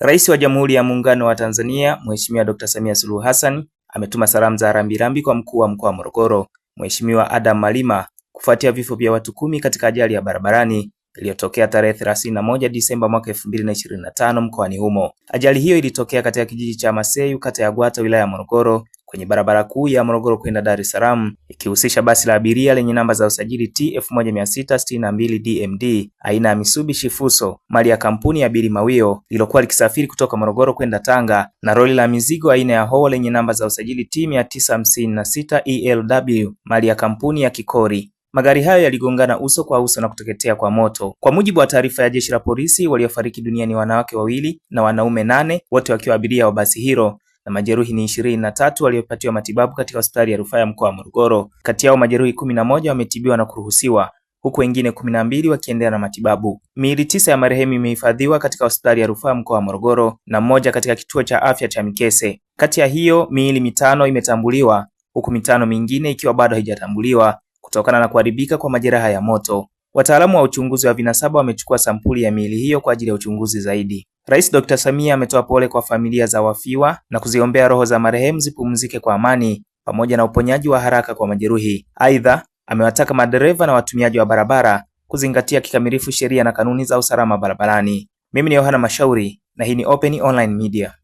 Rais wa Jamhuri ya Muungano wa Tanzania Mheshimiwa Dr. Samia Suluhu Hassan ametuma salamu za rambirambi kwa mkuu wa mkoa wa Morogoro Mheshimiwa Adam Malima kufuatia vifo vya watu kumi katika ajali ya barabarani iliyotokea tarehe 31 Disemba mwaka 2025 mkoani humo. Ajali hiyo ilitokea katika kijiji cha Maseyu, kata ya Gwata, wilaya ya Morogoro kwenye barabara kuu ya Morogoro kwenda Dar es Salaam ikihusisha basi la abiria lenye namba za usajili TF1662 DMD aina ya Mitsubishi Fuso mali ya kampuni ya Bili Mawio lilokuwa likisafiri kutoka Morogoro kwenda Tanga na roli la mizigo aina ya Howo lenye namba za usajili T956 ELW mali ya kampuni ya Kikori. Magari hayo yaligongana uso kwa uso na kuteketea kwa moto. Kwa mujibu wa taarifa ya jeshi la polisi, waliofariki dunia ni wanawake wawili na wanaume nane, wote wakiwa abiria wa basi hilo na majeruhi ni ishirini na tatu waliopatiwa matibabu katika hospitali ya rufaa ya mkoa wa Morogoro. Kati yao majeruhi kumi na moja wametibiwa na kuruhusiwa huku wengine kumi na mbili wakiendelea na matibabu. Miili tisa ya marehemu imehifadhiwa katika hospitali ya rufaa mkoa wa Morogoro na mmoja katika kituo cha afya cha Mikese. Kati ya hiyo miili mitano imetambuliwa huku mitano mingine ikiwa bado haijatambuliwa kutokana na kuharibika kwa majeraha ya moto. Wataalamu wa uchunguzi wa vinasaba wamechukua sampuli ya miili hiyo kwa ajili ya uchunguzi zaidi. Rais Dr. Samia ametoa pole kwa familia za wafiwa na kuziombea roho za marehemu zipumzike kwa amani pamoja na uponyaji wa haraka kwa majeruhi. Aidha, amewataka madereva na watumiaji wa barabara kuzingatia kikamilifu sheria na kanuni za usalama barabarani. Mimi ni Yohana Mashauri na hii ni Open Online Media.